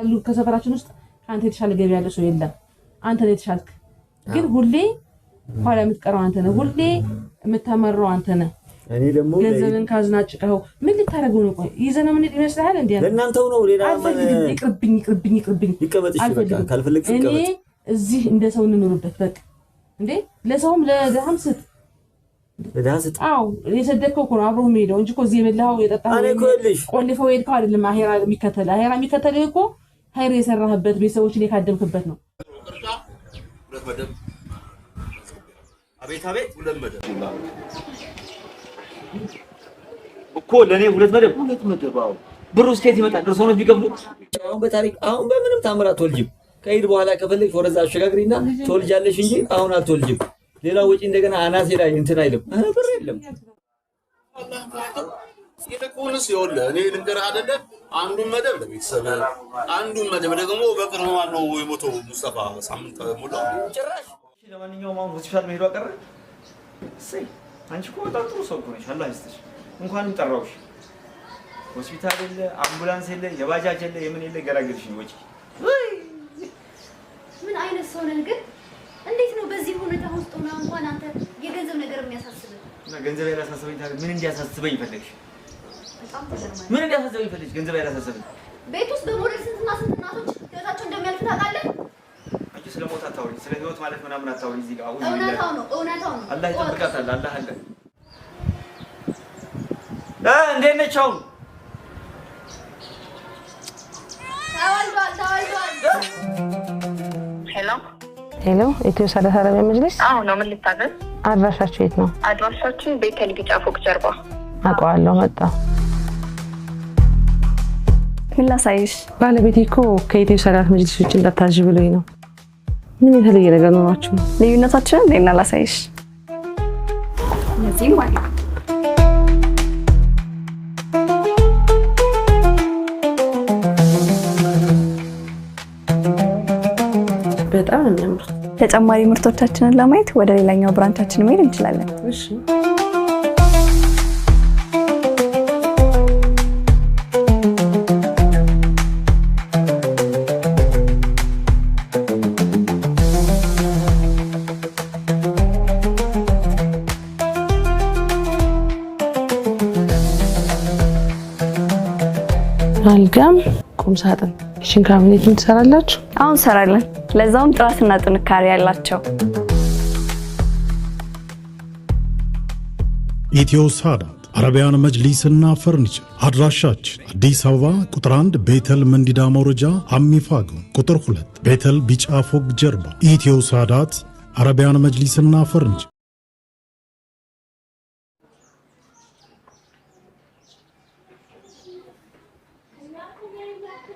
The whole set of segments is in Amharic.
ካሉ ከሰፈራችን ውስጥ ከአንተ የተሻለ ገቢ ያለ ሰው የለም። አንተ ነው የተሻልክ፣ ግን ሁሌ ኋላ የምትቀረው አንተ ነህ። ሁሌ የምታመራው አንተ ነህ። እኔ ደግሞ ገንዘብን ካዝናጭቀኸው ምን ልታደርገው ነው? ቆይ ይዘህ ነው የምንሄድ ይመስልሃል? እንዲ ለእናንተው ነው። ሌላ አልፈልግም። ይቅርብኝ፣ ይቅርብኝ፣ ይቅርብኝ። ይቀመጥ እኔ እዚህ እንደ ሰው እንኖርበት። በቃ እንዴ ለሰውም ለድሃም ስጥ አዎ የሰደድከው እኮ ነው አብሮህ የሚሄደው እንጂ እኮ እዚህ የበላኸው የጠጣኸው ቆልፈው የሄድከው አይደለም። አሄራ የሚከተልህ አሄራ የሚከተልህ እኮ ሀይር የሰራህበት ቤተሰቦችን የካደምክበት ነው። እኮ ለእኔ ሁለት መደብ ሁለት መደብ ብሩ ይመጣል። ደርሶ ነው የሚከፍሉት። አሁን በታሪክ አሁን በምንም ታምራ አትወልጅም። ከሄድ በኋላ ከፈለግሽ ወረዛ አሸጋግሪና ትወልጃለሽ እንጂ አሁን አትወልጅም። ሌላ ወጪ እንደገና አናሴ ላይ እንትን አይልም። ብር የለም። እኔ ልንገርህ አይደለም አንዱን መደብ ለቤተሰብ አንዱን መደብ ደግሞ በቅርብ ነው የሞቶ ሙስጠፋ ሳምንት ሙሉ ጭራሽ። ለማንኛውም አሁን ሆስፒታል መሄዱ አቀረ። እሰይ አንቺ እኮ በጣም ጥሩ ሰው ነሽ። አላህ ይስጥሽ። እንኳንም ጠራውሽ። ሆስፒታል የለ፣ አምቡላንስ የለ፣ የባጃጅ የለ፣ የምን የለ ገራገርሽ ነው ወጪ። ምን አይነት ሰው ነህ ግን? እንዴት ነው በዚህ ሁኔታ ውስጥ ሆና እንኳን አንተ የገንዘብ ነገር የሚያሳስብህ? ገንዘብ ያላሳስበኝ ምን እንዲያሳስበኝ ፈለግሽ? ምን እንዲያሳሰበኝ ይፈልጅ ገንዘብ አይዳሳሰብኝ። ቤት ውስጥ በሞዴል ስንትና ስንት እናቶች ህይወታቸው እንደሚያልፍ ታውቃለህ? አንቺ ስለ ሞት አታውሪኝ፣ ስለ ህይወት ማለት ምናምን አታውሪኝ። እዚህ ጋር እውነታው ነው፣ እውነታው ነው። አላህ ይጠብቃታል። አላህ አለ። እንዴት ነች አሁን? ሄሎ ሄሎ፣ ኢትዮ ሰላሳ አረቢያ መጅልስ። አዎ ነው። ምን ልታዘዝ? አድራሻችሁ የት ነው? አድራሻችን ቤተልግጫ ፎቅ ጀርባ። አውቀዋለሁ፣ መጣሁ ምን ላሳይሽ? ባለቤቴ እኮ ከየትኛው ሰራት መጅልስ ውጭ እንዳታዥ ብሎኝ ነው። ምን የተለየ ነገር ኖሯችሁ? ልዩነታችንን እንዴና ላሳይሽ። እነዚህም አለ በጣም የሚያምሩት። ተጨማሪ ምርቶቻችንን ለማየት ወደ ሌላኛው ብራንቻችን መሄድ እንችላለን። ቴሌግራም ቁም ሳጥን ኪችን ካቢኔት ትሰራላችሁ? አሁን እንሰራለን። ለዛውም ጥራትና ጥንካሬ ያላቸው ኢትዮ ሳዳት አረቢያን መጅሊስና ፈርኒቸር አድራሻችን አዲስ አበባ ቁጥር 1 ቤተል መንዲዳ መውረጃ አሚፋጎን፣ ቁጥር 2 ቤተል ቢጫ ፎቅ ጀርባ። ኢትዮ ሳዳት አረቢያን መጅሊስና ፈርኒቸር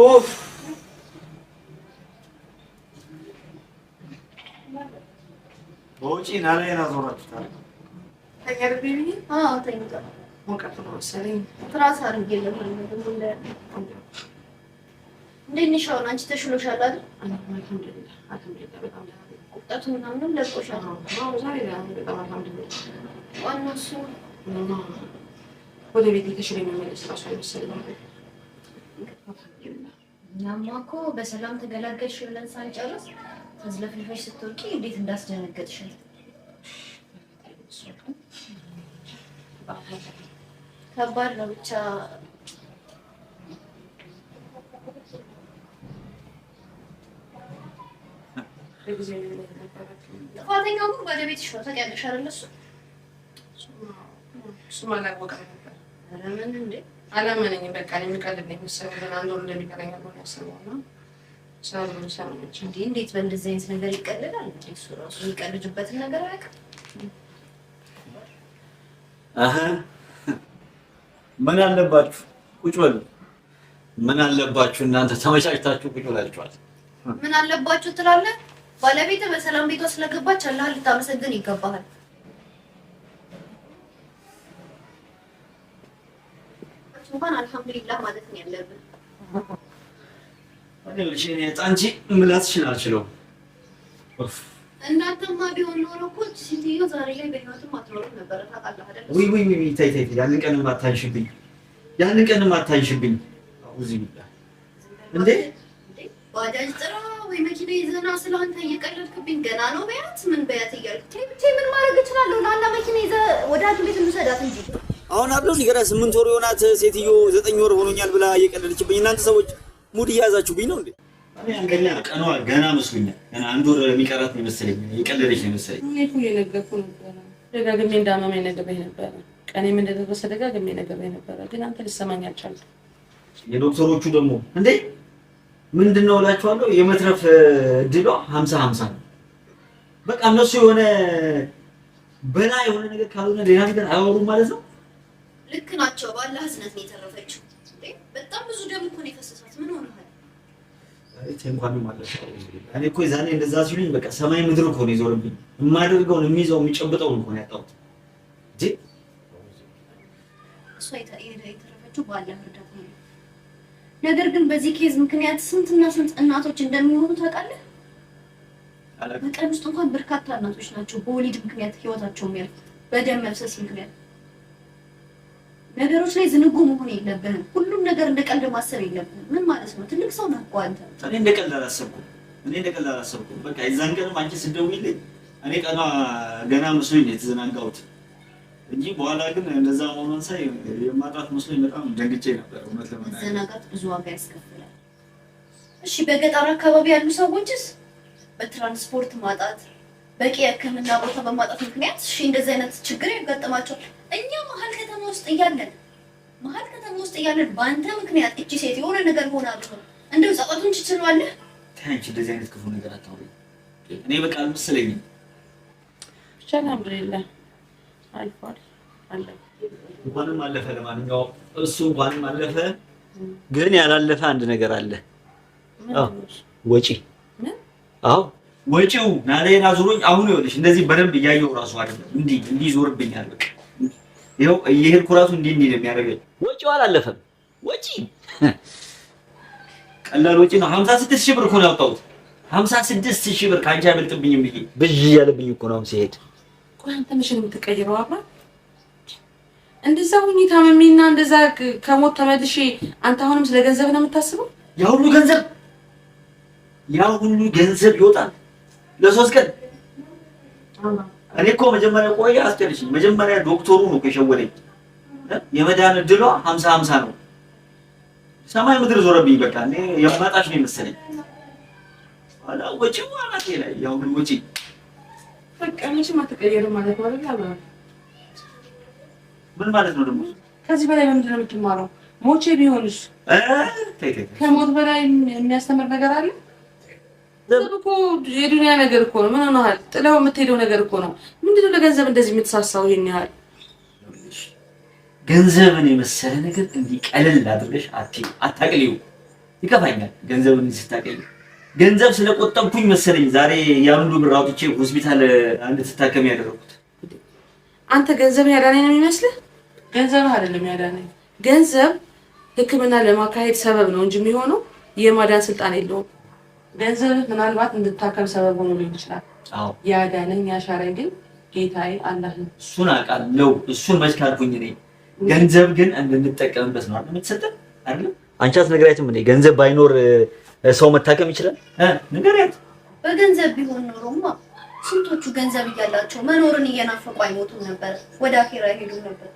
Of. Boğucu inale en az ona tutar. Teker bibi? Ha, teker. Mungkin sering. Terasa hari gila mana tu bunda. koşar. Ha, አሁን አንቺ ተሽሎሻል አይደል? ቁጣቱ ምናምን ለቆሻል። ዋናው እሱ ወደ ቤት ተሽሎ የሚመለስ ራሱ አይመስልም። እኛማ እኮ በሰላም ተገላገልሽ ብለን ሳንጨርስ ተዝለፍልፈሽ ስትወርቂ እንዴት እንዳስደነገጥሽ ከባድ ነው ብቻ ጥፋተኛው ግን ባለቤትሽ ነው። ታውቂያለሽ አይደለ? እሱ እሱም አላወቀም ነበር። ምን እንዴ አላመነኝም። በቃ የሚቀልድ ነው የሚሰሩ አንድ ወር እንደሚቀለኝ ሆነ ያስበው ነው እንዲህ እንዴት በእንደዚህ አይነት ነገር ይቀልዳል? እሱ ራሱ የሚቀልጅበትን ነገር አያውቅም። ምን አለባችሁ ቁጭ በሉ። ምን አለባችሁ እናንተ ተመቻችታችሁ ቁጭ ብላችኋል። ምን አለባችሁ ትላለህ። ባለቤትህ በሰላም ቤቷ ስለገባች አላህ ልታመሰግን ይገባሃል። እንኳን አልሐምዱሊላህ ማለት ነው ያለብን። አንቺ ምላስሽን አልችለውም። እናንተማ ቢሆን ኖሮ እኮ ሴትዮ ዛሬ ላይ በህይወትም አትኖርም ነበረ። ታውቃለህ አይደል? ውይ ውይ ተይ ተይ፣ ያንን ቀንም አታንሽብኝ፣ ያንን ቀንም አታንሽብኝ። አውዚ እንዴ ባጃጅ ጥራ ወይ መኪና ይዘና ስለአንተ እየቀለድክብኝ ገና ነው በያት ምን በያት እያልክ ምን ማድረግ እችላለሁ? ላላ መኪና ይዘህ ወዳጁ ቤት እንውሰዳት እንጂ አሁን አብለው ሊገራ ስምንት ወር የሆናት ሴትዮ ዘጠኝ ወር ሆኖኛል ብላ እየቀለለችብኝ እናንተ ሰዎች ሙድ እያያዛችሁብኝ ነው እንዴ? አንገኛ ቀኗ ገና መስሎኛል። ገና አንድ ወር የሚቀራት ነው መሰለኝ። የቀለለች ነው መሰለኝ። እኔ እኮ እየነገርኩህ ነበረ፣ ደጋግሜ እንዳመመኝ ነግሬህ ነበረ። ቀኔም እንደደረሰ ደጋግሜ ነግሬህ ነበረ፣ ግን አንተ ልትሰማኝ አልቻልክም። የዶክተሮቹ ደግሞ እንዴ ምንድን ነው እላችኋለሁ፣ የመትረፍ እድሏ ሀምሳ ሀምሳ ነው። በቃ እነሱ የሆነ በላ የሆነ ነገር ካልሆነ ሌላ ነገር አያወሩም ማለት ነው ልክ ናቸው። ባለ ህዝነት ነው የተረፈችው። በጣም ብዙ ደም እኮ ነው የፈሰሳት። ምን ሆነሃል? እንኳንም ማለት ነው እኔ እኮ የዛኔ እንደዛ ሲሉኝ በቃ ሰማይ ምድር እኮ ነው የዞርብኝ። የማደርገውን የሚይዘው የሚጨብጠውን እኮ ነው ያጣሁት። እሷ የተረፈችው ባለ መርዳት ነው። ነገር ግን በዚህ ኬዝ ምክንያት ስንትና ስንት እናቶች እንደሚሆኑ ታውቃለህ? በቀን ውስጥ እንኳን በርካታ እናቶች ናቸው በወሊድ ምክንያት ህይወታቸው የሚያልፉት በደም መፍሰስ ምክንያት ነገሮች ላይ ዝንጉ መሆን የለብንም። ሁሉም ነገር እንደ ቀልድ ማሰብ የለብንም። ምን ማለት ነው? ትልቅ ሰው ነህ እኮ አንተ። እኔ እንደ ቀልድ አላሰብኩም። እኔ እንደ ቀልድ አላሰብኩም። በቃ የዛን ቀንም አንቺ ስደውይልኝ እኔ ቀኗ ገና መስሎኝ ነው የተዘናጋሁት እንጂ በኋላ ግን እንደዛ መሆኑን ሳይ የማጣት መስሎኝ በጣም ደንግጬ ነበር። እውነት ለመናገር መዘናጋት ብዙ ዋጋ ያስከፍላል። እሺ፣ በገጠር አካባቢ ያሉ ሰዎችስ በትራንስፖርት ማጣት፣ በቂ የሕክምና ቦታ በማጣት ምክንያት እሺ፣ እንደዚህ አይነት ችግር ያጋጥማቸዋል። እኛ ውስጥ እያለን መሀል ከተማ ውስጥ እያለን በአንተ ምክንያት እቺ ሴት የሆነ ነገር ሆና ብሆን እንደው ጸሎቱን ትችላለህ። ታንቺ እንደዚህ አይነት ክፉ ነገር አታውሪ። እኔ በቃ አልመሰለኝም። ብቻ አልሐምዱሊላህ አልፏል፣ አለ። እንኳንም አለፈ። ለማንኛውም እሱ እንኳንም አለፈ። ግን ያላለፈ አንድ ነገር አለ። ወጪ አዎ ወጪው ናለና ዙሮኝ አሁን ይኸውልሽ እንደዚህ በደንብ እያየው እራሱ አይደለም እንዲህ እንዲህ ዞርብኛል በቃ ይኸው እየሄድኩ እራሱ እንዲህ እንዲህ ነው የሚያደርገኝ። ወጪው አላለፈም። ወጪ ቀላል ወጪ ነው። ሀምሳ ስድስት ሺህ ብር እኮ ነው ያወጣሁት። ሀምሳ ስድስት ሺህ ብር ከአንቺ አይበልጥብኝም ብዬ ብዥ እያለብኝ እኮ ነው ሲሄድ። ቆይ አንተ መቼ ነው የምትቀይረው? አባ እንደዛ ሁኚ ታመሚና እንደዛ ከሞት ተመልሼ አንተ አሁንም ስለ ገንዘብ ነው የምታስበው? ያ ሁሉ ገንዘብ ያ ሁሉ ገንዘብ ይወጣል ለሶስት ቀን እኔ እኮ መጀመሪያ ቆየ አስጨልሽኝ። መጀመሪያ ዶክተሩ ነው የሸወደኝ። የመዳን እድሏ ሀምሳ ሀምሳ ነው። ሰማይ ምድር ዞረብኝ። በቃ እኔ የማጣሽ ነው የመሰለኝ። ኋላ ወጪ ዋናቴ ላይ ያው ምን ወጪ በቃ ምንም ማለት ምን ማለት ነው ደግሞ? ከዚህ በላይ በምንድን ነው የምትማረው? ሞቼ ቢሆንሽ ከሞት በላይ የሚያስተምር ነገር አለ? ገንዘብ እኮ የዱንያ ነገር እኮ ነው። ምን ሆነሃል? ጥለው የምትሄደው ነገር እኮ ነው። ምንድነው ለገንዘብ እንደዚህ የምትሳሳው? ይሄን ያህል ገንዘብን የመሰለ ነገር እንዲህ ቀለል አድርገሽ አታቅልዩ። ይከፋኛል ገንዘብን ስታቀል። ገንዘብ ስለቆጠብኩኝ መሰለኝ ዛሬ ያምሉ ብር አውጥቼ ሆስፒታል እንድትታከም ያደረኩት። አንተ ገንዘብን ያዳነኝ ነው የሚመስልህ? ገንዘብ አይደለም ያዳነኝ። ገንዘብ ሕክምና ለማካሄድ ሰበብ ነው እንጂ የሚሆነው የማዳን ስልጣን የለውም። ገንዘብ ምናልባት እንድታከም ሰበብ ሆኖ ሊሆን ይችላል። ያዳነኝ ያሻረኝ ግን ጌታዬ አላህ ነው። እሱን አውቃለሁ። እሱን መች ካልኩኝ እኔ ገንዘብ ግን እንድንጠቀምበት ነው አይደል የምትሰጠን አይደል? አንቺ እንዴ? ገንዘብ ባይኖር ሰው መታከም ይችላል? ነገሪያት በገንዘብ ቢሆን ኖሮማ ስንቶቹ ገንዘብ እያላቸው መኖርን እየናፈቁ አይሞቱም ነበር፣ ወደ አኼራ ይሄዱ ነበር።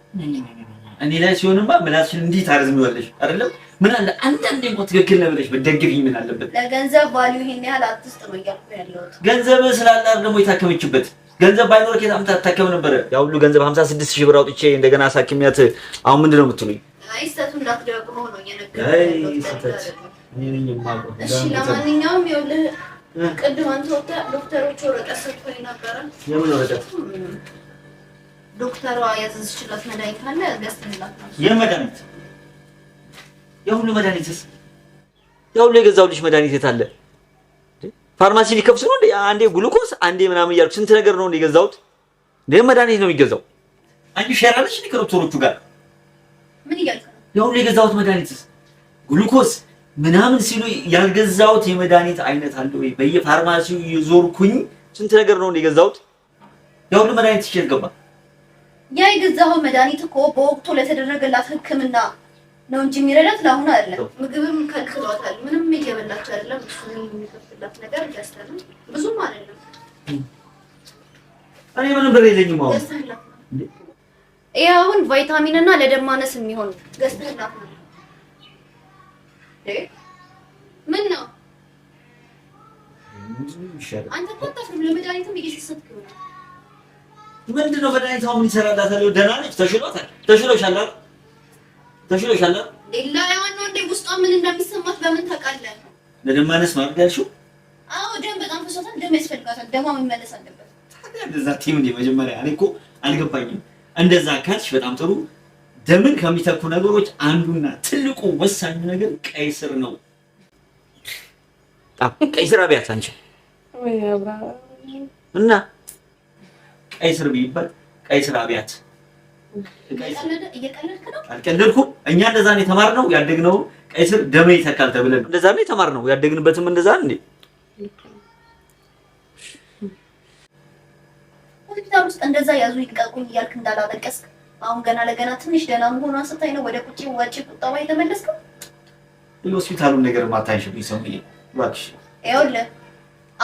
እኔ ላይ ሲሆንማ ምላስሽን እንዲህ ታረዝሚዋለሽ አይደለም? ምን አለ አንዳንዴ እንኳ ትክክል ነው ብለሽ ብትደግፊኝ ምን አለበት? ለገንዘብ ቫልዩ ይሄን ያህል አትስጥ ነው እያልኩ ያለሁት። ገንዘብ ስላለ ደግሞ የታከመችበት ገንዘብ ባይኖር ከየት አምጥታ ታከም ነበረ? ያ ሁሉ ገንዘብ 56 ሺህ ብር አውጥቼ እንደገና አሳክሚያት አሁን ምንድን ነው የምትሉኝ? አይ ስህተቱ እንዳትደግሞ ነው የነገርኩት። እሺ ለማንኛውም ይኸውልህ ቅድም አንተ ወጥተህ ዶክተሮቹ ወረቀት ሰጥቶኝ ነበረ። የምን ወረቀት? ዶክተሯ ያዘዝችለት መድኃኒት አለ ገዝተንላት። የመድኃኒት የሁሉ መድኃኒትስ የሁሉ የገዛሁልሽ መድኃኒት የት አለ? ፋርማሲ ሊከፍሱ ነው አንዴ ግሉኮስ አንዴ ምናምን እያልኩ ስንት ነገር ነው እንዴ የገዛሁት? እንደ መድኃኒት ነው የሚገዛው። አንቺ ሼር አለሽ ከዶክተሮቹ ጋር? ምን እያልክ ነው? የሁሉ የገዛሁት መድኃኒትስ ግሉኮስ ምናምን ሲሉ ያልገዛሁት የመድኃኒት አይነት አለ ወይ? በየፋርማሲው የዞርኩኝ ስንት ነገር ነው የገዛሁት? የሁሉ መድኃኒት ይችላል ገባ ያ የገዛኸው መድኃኒት እኮ በወቅቱ ለተደረገላት ሕክምና ነው እንጂ የሚረዳት ለአሁኑ አይደለም። ምግብም ከልክሏታል። ምንም እየበላች አይደለም። የሚከፍላት ነገር እያስተንም ብዙም አይደለም። እኔ ምንም ብር የለኝም። አሁን ይህ አሁን ቫይታሚን እና ለደም ማነስ የሚሆን ገዝተህላት ነው። ምን ነው አንተ ኮታፍ ለመድኃኒትም እየሸሰትክ ነው ምንድን ነው መድኃኒት አሁን ይሰራላታል? ደህና ነች፣ ተሽሎታል። ተሽሎሻል አይደል? ተሽሎሻል አይደል? ሌላ ያው እንደ ውስጧ ምን እንደሚሰማት በምን ታውቃለህ? ለደም ማነስ ማለት ያልሺው? አዎ ደም በጣም ተሽሎታል። ደም ያስፈልጋታል። ደሟ መመለስ አለበት። እንደዛ ቲም እንደ መጀመሪያ እኔ እኮ አልገባኝም። እንደዛ ካልሽ በጣም ጥሩ። ደምን ከሚተኩ ነገሮች አንዱና ትልቁ ወሳኙ ነገር ቀይ ስር ነው። ቀይ ስር አብያት አንቺ እና ቀይ ቀይስር ቀይ ስር አብያት አልቀለድኩም። እኛ እንደዛ ነው የተማርነው ያደግነው። ቀይስር ደሜ ይተካል ተብለን እንደዛ ነው የተማርነው ያደግንበትም እንደዛ እንዴ። ሆስፒታል ውስጥ እንደዛ ያዙ ይልቀቁኝ እያልክ እንዳላለቀስክ አሁን ገና ለገና ትንሽ ደህና መሆኗ ስታይ ነው ወደ ቁጭ ወጪ ቁጠባ የተመለስከው። የሆስፒታሉን ነገር ማታይሽብኝ ሰውዬ ይኸውልህ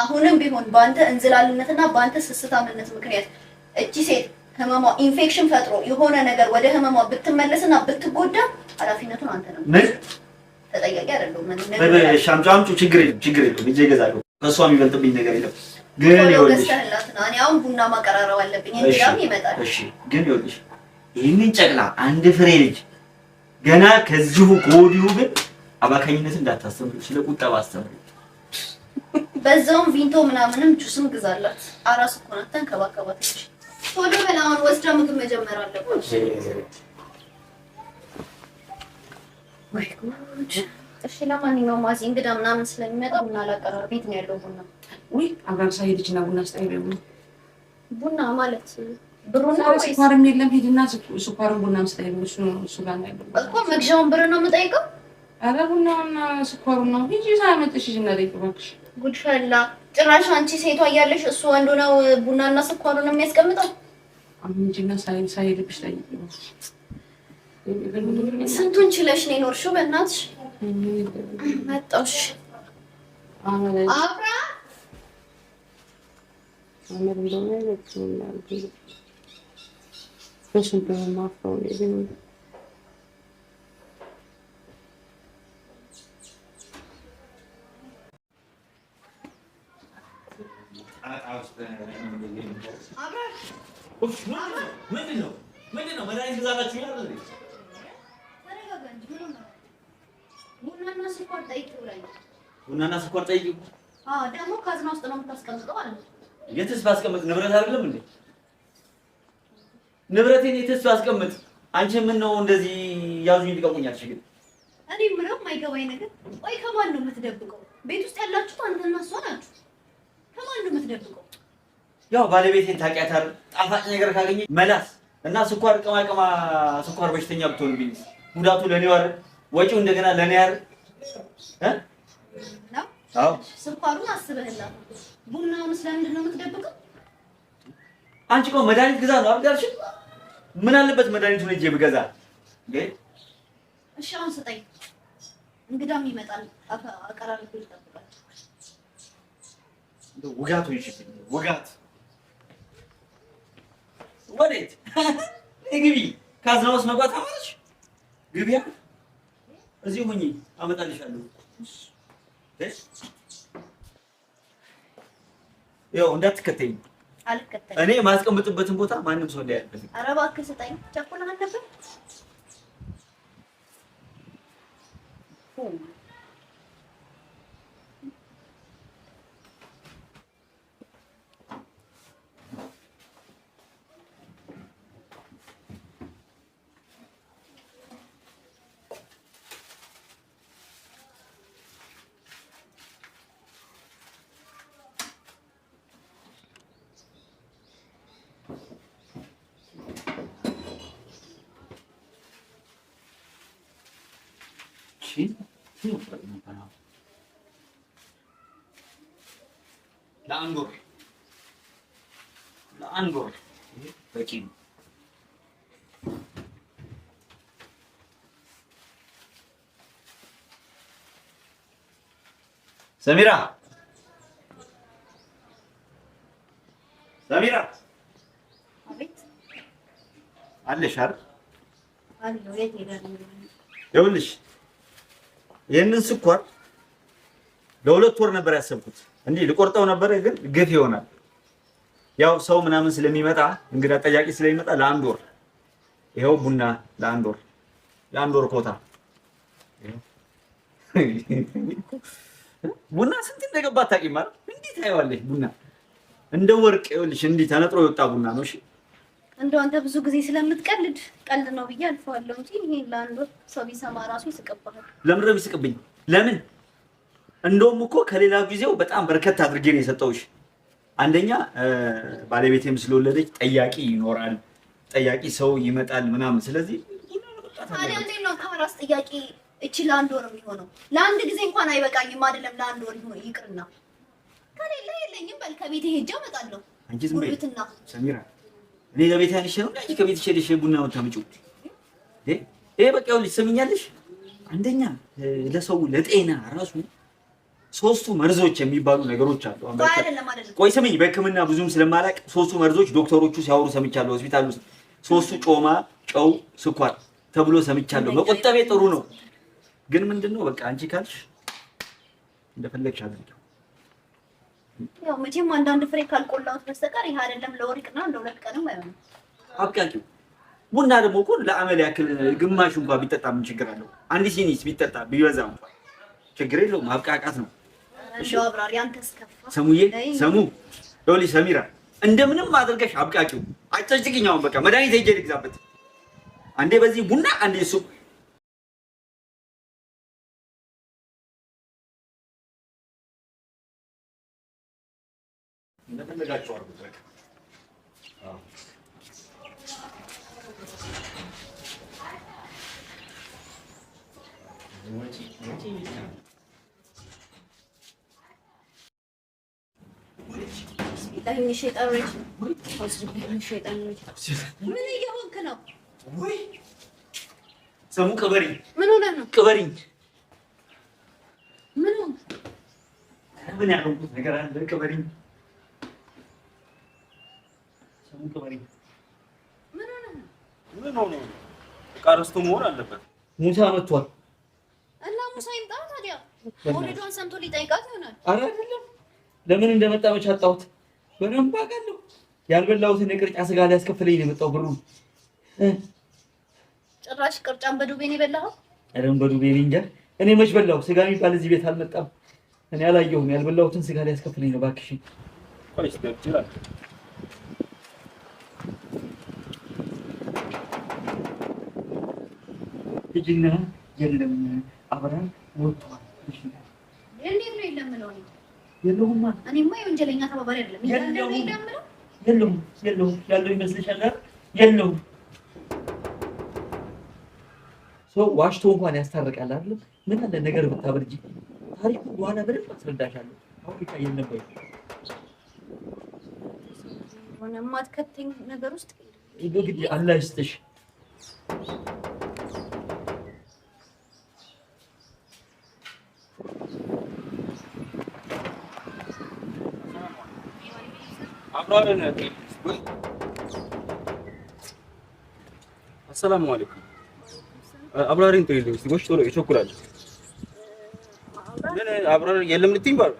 አሁንም ቢሆን በአንተ እንዝላልነትና በአንተ ስስታምነት ምክንያት እቺ ሴት ህመሟ ኢንፌክሽን ፈጥሮ የሆነ ነገር ወደ ህመሟ ብትመለስና ብትጎዳ ኃላፊነቱን አንተ ነው። ተጠያቂ አይደለሁም። ችግር ችግር የሚበልጥብኝ ነገር ግን አሁን ቡና ማቀራረብ አለብኝ። እንዲያም ግን ይኸውልሽ ይህንን ጨቅላ አንድ ፍሬ ልጅ ገና ከዚሁ ከወዲሁ ግን አባካኝነት እንዳታስተምሩ፣ ስለ ቁጠባ አስተምሩ። በዛውም ቪንቶ ምናምንም ጁስም ግዛላት። አራስ እኮ ናት፣ ተንከባከባት። ቶሎ በል አሁን ወስዳ ምግብ መጀመር አለብን። እሺ ለማንኛውም አዚ እንግዳ ምናምን ስለሚመጣ ቡና ላቀራር ቤት ነው ያለው ቡና። ወይ አብራን ሳይ ቡና ቡና ማለት ስኳርም የለም። ሂድና ስኳርም ቡናም ስታይ እሱ እሱ ጋር ነው ያለው እኮ መግዣውን ብር ነው የምጠይቀው። አረ ቡናውና ስኳሩ ነው ሂጂ ሳያመጥሽ ሂጂና ጠይቅ እባክሽ። ጉድፈላ ጭራሽ አንቺ ሴቷ እያለሽ እሱ ወንዱ ነው ቡናና ስኳሩን የሚያስቀምጠው። አምንጂና ሳይ ሳይ ልብሽ ላይ ስንቱን ችለሽ ነው የኖርሽው? በእናትሽ መጣሽ አብራ አብራ ምንድን ነው ምንድን ነው መድኃኒት ብዛታችሁ ይላል። ቡናና ስኳር ጠይቂው ደግሞ ካዝና ውስጥ ነው የምታስቀምጠው ማለት የትስ ባስቀምጥ ንብረት አይደለም እንዴ? ንብረቴን የትስ ባስቀምጥ። አንቺ ምን ነው እንደዚህ ያዙኝ ልቀቁኛልሽ? ግን እኔ ምንም የማይገባኝ ነገር ወይ ከማን ነው የምትደብቀው? ቤት ውስጥ ያላችሁ አንተና እሷ ናችሁ። ከማን ነው የምትደብቀው? ያው ባለቤቴን ታውቂያታል። ጣፋጭ ነገር ካገኘ መላስ እና ስኳር ቅማ ቅማ ስኳር በሽተኛ ብትሆን ብትሆንብኝ ጉዳቱ ለኔ ዋር ወጪው እንደገና ለኔ ያር አዎ ስኳሩን አስበህላት። ቡናውን ስለምንድን ነው የምትደብቀው? አንቺ እኮ መድኃኒት ግዛ ነው አይደል ምን አለበት መድኃኒቱን ሂጅ ብገዛ እሺ አሁን ስጠኝ። እንግዳም ይመጣል አቀራረብ ይጠብቃል። ውጋቱ ይሽብኝ ውጋት ወዴት? ግቢ ካዝና ውስጥ መግባት አማረች። ግቢያ እዚህ ሁኚ፣ አመጣልሻለሁ። ያው እንዳትከተኝ። አልከተኝ። እኔ የማስቀምጥበትን ቦታ ማንም ሰው እንዳያልፍ። ኧረ እባክህ ስጠኝ። ቸኩለህ አልነበረ China? فين الفرق بين القنوات؟ لا انظر لا انظر بكين سميرة سميرة عبيت علي شهر علي ولادي يقول ليش ይህንን ስኳር ለሁለት ወር ነበር ያሰብኩት። እንዲህ ልቆርጠው ነበረ፣ ግን ግፍ ይሆናል። ያው ሰው ምናምን ስለሚመጣ እንግዳ ጠያቂ ስለሚመጣ ለአንድ ወር ይኸው ቡና ለአንድ ወር ለአንድ ወር ኮታ ቡና ስንት እንደገባ ማለት እንዲህ ታየዋለሽ። ቡና እንደ ወርቅ ይኸውልሽ፣ እንዲህ ተነጥሮ የወጣ ቡና ነው። እሺ እንደው አንተ ብዙ ጊዜ ስለምትቀልድ ቀልድ ነው ብዬ አልፈዋለሁ እንጂ ይሄ ለአንዱ ሰው ቢሰማ ራሱ ይስቅብሃል። ለምን ነው የሚስቅብኝ? ለምን እንደውም እኮ ከሌላ ጊዜው በጣም በርከት አድርጌ ነው የሰጠውሽ። አንደኛ ባለቤቴም ስለወለደች ጠያቂ ይኖራል፣ ጠያቂ ሰው ይመጣል ምናምን። ስለዚህ ታዲያ እንዴት ነው ከአራስ ጥያቄ እቺ ለአንድ ወር የሚሆነው? ለአንድ ጊዜ እንኳን አይበቃኝም አይደለም፣ ለአንድ ወር ይሆን ይቅርና ከሌላ የለኝም በል ከቤቴ ሄጄ እመጣለሁ። አንቺ ዝም በይ ሰሚራ እኔ ለቤት ያልሽ ነው እንጂ ከቤት ሸልሽ ቡና የምታምጪው ይሄ በቃ ይኸውልሽ፣ ትሰሚኛለሽ። አንደኛ ለሰው ለጤና ራሱ ሶስቱ መርዞች የሚባሉ ነገሮች አሉ። ቆይ ስሚኝ፣ በሕክምና ብዙም ስለማላቅ ሶስቱ መርዞች ዶክተሮቹ ሲያወሩ ሰምቻለሁ። ሆስፒታል ውስጥ ሶስቱ ጮማ፣ ጨው፣ ስኳር ተብሎ ሰምቻለሁ። መቆጠቤ ጥሩ ነው፣ ግን ምንድነው በቃ አንቺ ካልሽ እንደፈለግሽ አድርጊው። ያው መቼም አንዳንድ ፍሬ ካልቆላሁት በስተቀር ይሄ አይደለም ለወርቅና ለሁለት ቀንም አይሆንም። አብቃቂው ቡና ደግሞ እኮ ለአመል ያክል ግማሽ እንኳን ቢጠጣ ምን ችግር አለው? አንድ ሲኒስ ቢጠጣ ቢበዛ እንኳን ችግር የለውም። ማብቃቃት ነው። ሰሙዬ ሰሙ ዶሊ ሰሚራ፣ እንደምንም አድርገሽ አብቃቂው አጨጭቅኛውን በቃ መድኃኒት ሄጄ ልግዛበት። አንዴ በዚህ ቡና አንዴ እሱ ምን እየሆንክ ነው? ስሙ ቅበሪኝ። ምን ሆነህ ነው? ቅበሪኝ። ምን ሆነህ? ምን ያደረኩት ነገር አለ? ቅበሪኝ። ስሙ ቅበሪኝ። ምን ሆነህ ነው? ምን ሆነህ ነው? ዕቃ መሆን አለበት። ሙሳ መጥቷል እና ሙሳ ይምጣ ታዲያ። ወሬዷን ሰምቶ ሊጠይቃት ይሆናል። ኧረ አይደለም። ለምን እንደመጣ መች አጣሁት። በደንብ አውቃለሁ። ያልበላሁትን የቅርጫ ስጋ ላይ ያስከፍለኝ ነው የመጣው ብሩ። ጭራሽ ቅርጫን በዱቤ የበላኸው? አረም በዱቤ እንጃ። እኔ መች በላሁ? ስጋ የሚባል እዚህ ቤት አልመጣም። እኔ አላየሁም። ያልበላሁትን ስጋ ላይ ያስከፍለኝ ነው። እባክሽ ልጅና የለም አብረን ወጥቷል። እንዴት ነው የለም ነው የለሁማ እኔማ የወንጀለኛ ተባባሪ አይደለም። የለሁም የለሁም ያለው ይመስልሻል? የለሁም ሰው ዋሽቶ እንኳን ያስታርቃል አይደል? ምን አለ ነገር ብታበርጂ ታሪኩ በኋላ በደንብ አስረዳሻለሁ። አሁን ብቻ ሆነ ማትከተኝ ነገር ውስጥ አላህ ይስጥሽ። አሰላሙ አለይኩም። አብራሪ ተይልኝ እስቲ ጎሽ፣ ቶሎ ይቸኩላል። ምን አብራሪ የለም ልትይኝ ባሉ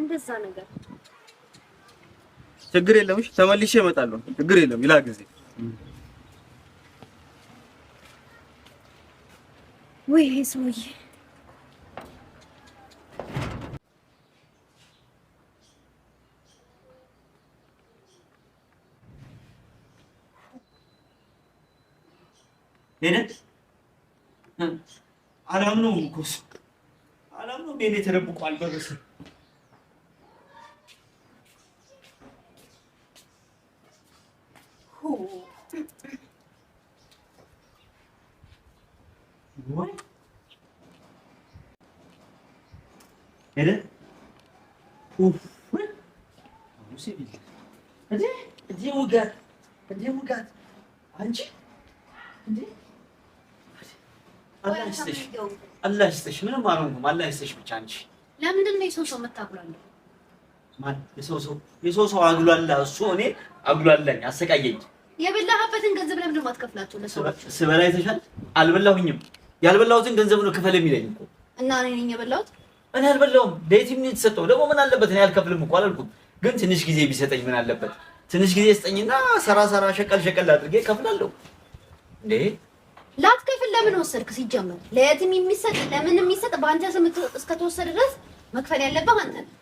እንደዛ ነገር ችግር የለም። እሺ ተመልሼ እመጣለሁ። ችግር የለም። ይላ ጊዜ ወይ ሰውዬ Benim anamın oğlu kız. Anamın beni tere bu kalbe kızı. What? Neden? Uf. Onu sevildi. Hadi. Hadi Ugat. Hadi Ugat. Anca. Hadi. አላህ ይስጥሽ፣ አላህ ይስጥሽ። ምንም አልሆንኩም። አላህ ይስጥሽ ብቻ አንቺ ለምንድን ነው የሰው ሰው የምታጉላለው? የሰው ሰው የሰው ሰው አጉላላ። እሱ እኔ አግሏለኝ፣ አሰቃየኝ። የበላህበትን ገንዘብ ለምንድን ነው አትከፍላቸው ለሰዎች? ስበላ ይተሻል። አልበላሁኝም። ያልበላሁትን ገንዘብ ነው ክፈል የሚለኝ እኮ እና እኔ ነኝ የበላሁት። እኔ አልበላሁም። ለየትም ነው የተሰጠው። ደግሞ ምን አለበት? እኔ አልከፍልም እኮ አላልኩም። ግን ትንሽ ጊዜ ቢሰጠኝ ምን አለበት? ትንሽ ጊዜ ስጠኝና ሰራ ሰራ ሸቀል ሸቀል አድርጌ ከፍላለሁ እንዴ ላትከፍል ለምን ወሰድክ? ሲጀመር ለየትም የሚሰጥ ለምን የሚሰጥ በአንተ ስም እስከተወሰደ ድረስ መክፈል ያለብህ አንተ ነህ።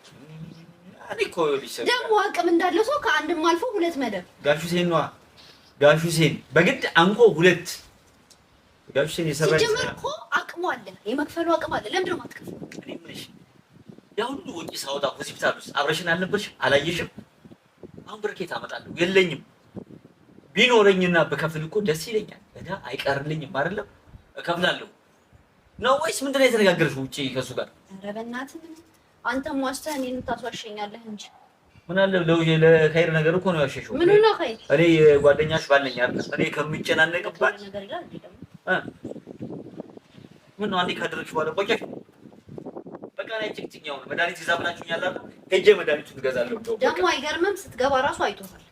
ደግሞ አቅም እንዳለው ሰው ከአንድም አልፎ ሁለት መደብ ጋሹ ሴን ነዋ። ጋሹ ሴን በግድ አንኮ ሁለት ጋሹ ሴን የሰራ ሲጀመር እኮ አቅሙ አለ፣ የመክፈሉ አቅም አለ። ለምንድን ነው የማትከፍለው? ያ ሁሉ ወጪ ሳወጣ ሆስፒታል ውስጥ አብረሽን አልነበርሽም? አላየሽም? አሁን ብርኬት አመጣለሁ? የለኝም። ቢኖረኝና በከፍል እኮ ደስ ይለኛል። እዳ አይቀርልኝም አይደለም እከፍላለሁ ነው ወይስ ምንድን ነው የተነጋገርሽው? ውጪ ከእሱ ጋር ኧረ በእናትህ አንተም ዋሽተህ እኔን ታስዋሸኛለህ እንጂ ምን አለ ለኸይር ነገር እኮ ነው ያሸሸው። ምን ነው ኸይር? እኔ ጓደኛሽ ባለኝ አይደል? እኔ ከምጨናነቅባት ምን ነው አንዴ ካደረግሽ በኋላ ቆየሽ። በቃ ላይ ጭቅጭኛው ነው መድኃኒት ይዛ ብላችሁኝ ያላለ ሄጄ መድኃኒቱን እገዛለሁ። ደግሞ አይገርምም ስትገባ ራሱ አይቶታል።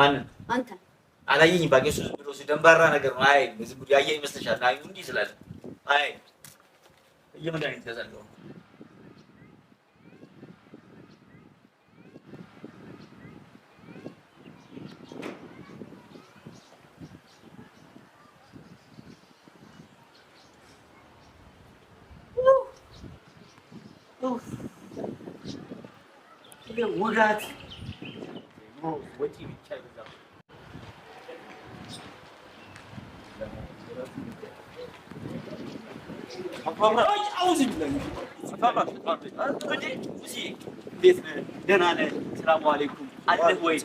ማንን? አንተን አላየኝ ባቄሱ ዝም ብሎ ሲደንባራ ነገር ነው። አይ ዝም ብሎ ያየ ይመስልሻል? አይ እንዲህ ስላለ አይ እየመዳን ገዛለሁ ወጋት ወጪ ብቻ ይበዛል። ደህና ነህ? ሰላም አለይኩም አለህ ወይ?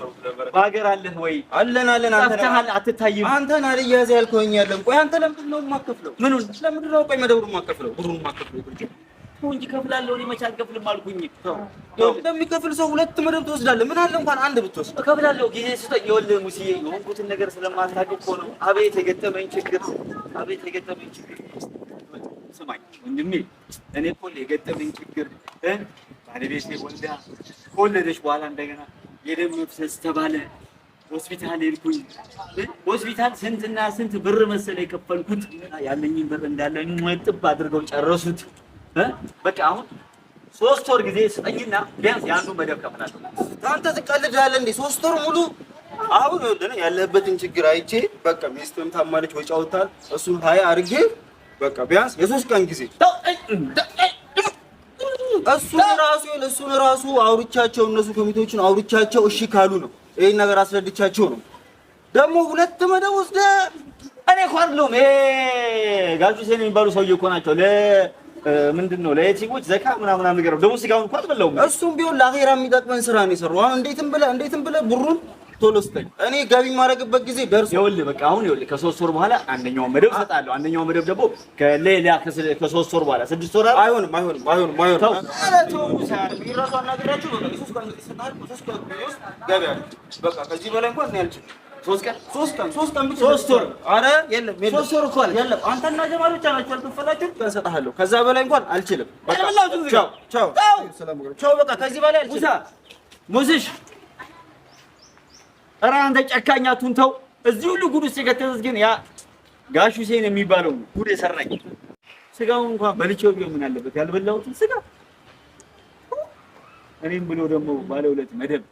አትታይም። አንተን አልያዝ ያልከኝ ያለን። ቆይ አንተ ለምንድን ነው ሰው ሁለት መደብ ትወስዳለህ። ምን አለ እንኳን አንድ ብትወስድ። እከፍላለሁ፣ ጊዜ ስጠኝ። ይኸውልህ ሙስዬ የሆንኩትን ነገር ስለማታውቅ እኮ ነው። አቤት የገጠመኝ ችግር፣ አቤት የገጠመኝ ችግር ገጥማኝ ወንድሜ፣ እኔ እኮ የገጠመኝ ችግር ባለቤቴ ወልዳ ከወለደች በኋላ እንደገና የደም መፍሰስ ተባለ። ሆስፒታል ሄድኩኝ። ሆስፒታል ስንትና ስንት ብር መሰለ የከፈልኩት። ያለኝን ብር እንዳለ መጥብ አድርገው ጨረሱት። በቃ አሁን ሶስት ወር ጊዜ ስጠኝና ቢያንስ የአንዱ መደብ ከፍላለሁ። አንተ ትቀልዳለህ እንዴ? ሶስት ወር ሙሉ አሁን ያለህበትን ችግር አይቼ በቃ ሚስትም ታማለች፣ ወጪ አውጥታል። እሱን ሀያ አድርጌ በቃ ቢያንስ የሶስት ቀን ጊዜ እሱን ራሱ እሱን ራሱ አውርቻቸው እነሱ ኮሚቴዎችን አውርቻቸው እሺ ካሉ ነው ይሄን ነገር አስረድቻቸው ነው። ደግሞ ሁለት መደብ ወስደ እኔ እኮ አይደለሁም ጋጁ ሴን የሚባሉ ሰውዬ እኮ ናቸው። ምንድን ነው ለየቲሞች ዘካ ምናምን ነገር ደግሞ ስጋውን እኮ አልበላሁም። እሱም ቢሆን ለአኼራ የሚጠቅመን ስራ ነው የሰራው። አሁን እንዴትም ብለህ እንዴትም ብለህ ብሩን ቶሎ ስተኝ እኔ ገቢ የማደርግበት ጊዜ ደርሶ ይኸውልህ፣ በቃ አሁን ይኸውልህ፣ ከሶስት ወር በኋላ አንደኛው መደብ እሰጥሃለሁ። አንደኛው መደብ ደግሞ ከሌላ ከሶስት ወር በኋላ ስድስት ወር አይሆንም፣ አይሆንም፣ አይሆንም፣ አይሆንም። በቃ አልችልም። ከዛ በላይ እንኳን አልችልም። ቻው ቻው ቻው። በቃ ከዚህ በላይ አልችልም። ሙዚሽ ኧረ አንተ ጨካኝ አትሁንተው። እዚህ ሁሉ ጉድ ውስጥ የከተተት ግን ያ ጋሽ ሁሴን የሚባለው ጉድ የሰራኝ ስጋውን እንኳን በልቼው ቢሆን ምን አለበት ያልበላሁትን ስጋ እኔም ብሎ ደግሞ ባለሁለት መደብ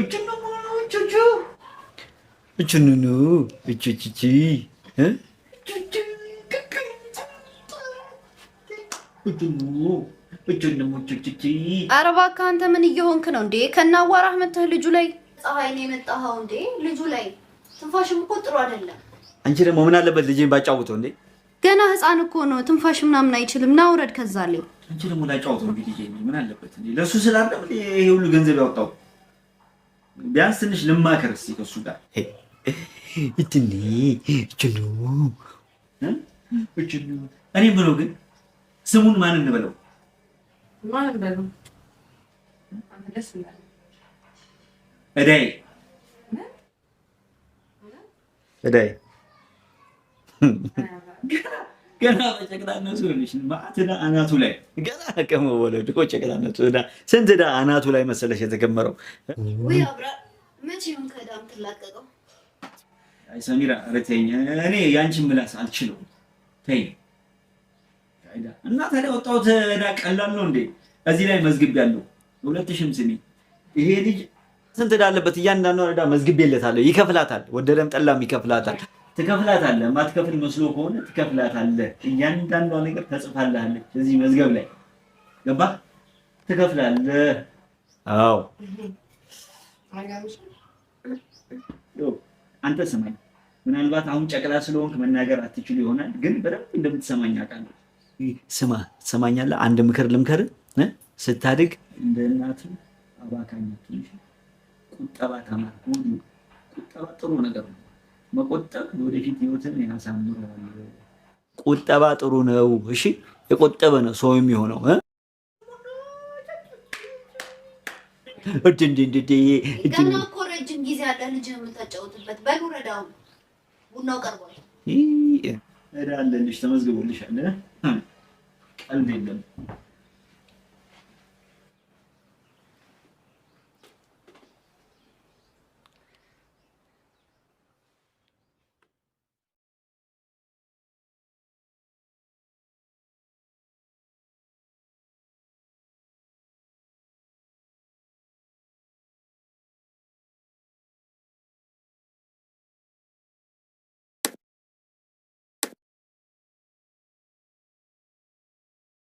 እችኑኑ እችኑኑ እችቺቺ ኧረ እባክህ ምን እየሆንክ ነው እንዴ? ከናዋራህ መተህ ልጁ ላይ ፀሐይ ነው የመጣኸው እንዴ? ልጁ ላይ ትንፋሽም እኮ ጥሩ አይደለም። አንቺ ደግሞ ምን አለበት ልጅን ባጫውተው እንዴ? ገና ህፃን እኮ ነው። ትንፋሽ ምናምን አይችልም። ና ውረድ ከዛ ላይ አንቺ ደግሞ ላጫውተው እንግዲህ ምን አለበት እንዴ? ለእሱ ስላለ ይሄ ሁሉ ገንዘብ ያወጣው ቢያንስ ትንሽ ልማከር እስኪ ከእሱ ጋር እትኔ እችኑ እችኑ እኔ ብሎ ግን ስሙን ማን እንበለው? እዳይ እዳይ ገና በጨቅላነቱ አናቱ ላይ ገና ከመወለዱ ጨቅላነቱ ስንት አናቱ ላይ መሰለሽ የተከመረው። ሰሚራ እኔ ያንቺን ምላስ አልችለውም። ተይኝ እና ታዲያ ወጣሁት ዕዳ ቀላል ነው እንዴ? እዚህ ላይ መዝግብ ያለው ሁለት ሺህም ስሚ ይሄ ልጅ ስንት ዕዳ አለበት? እያንዳንዱ ዕዳ መዝግቤለታለሁ። ይከፍላታል፣ ወደደም ጠላም ይከፍላታል። ትከፍላታለ፣ ማትከፍል መስሎ ከሆነ ትከፍላታለ እያንዳንዷ ነገር ተጽፋልሃለች እዚህ መዝገብ ላይ ገባ፣ ትከፍላለ። አዎ አንተ ስማኝ። ምናልባት አሁን ጨቅላ ስለሆንክ መናገር አትችሉ ይሆናል፣ ግን በደንብ እንደምትሰማኝ አውቃለሁ። ስማ ትሰማኛለህ? አንድ ምክር ልምከር። ስታድግ እንደ እናትም አባካኝነት ቁጠባ ተማር። ቁጠባ ጥሩ ነገር ነው። መቆጠብ ወደፊት ህይወትን ያሳምረዋል። ቁጠባ ጥሩ ነው። እሺ የቆጠበ ነው ሰው የሚሆነው። ገና እኮ ረጅም ጊዜ አለ። ልጅ የምታጫወትበት በሉረዳሁ ቡናው ቀርቧል። እዳለልሽ ተመዝግቦልሻል። البيتزا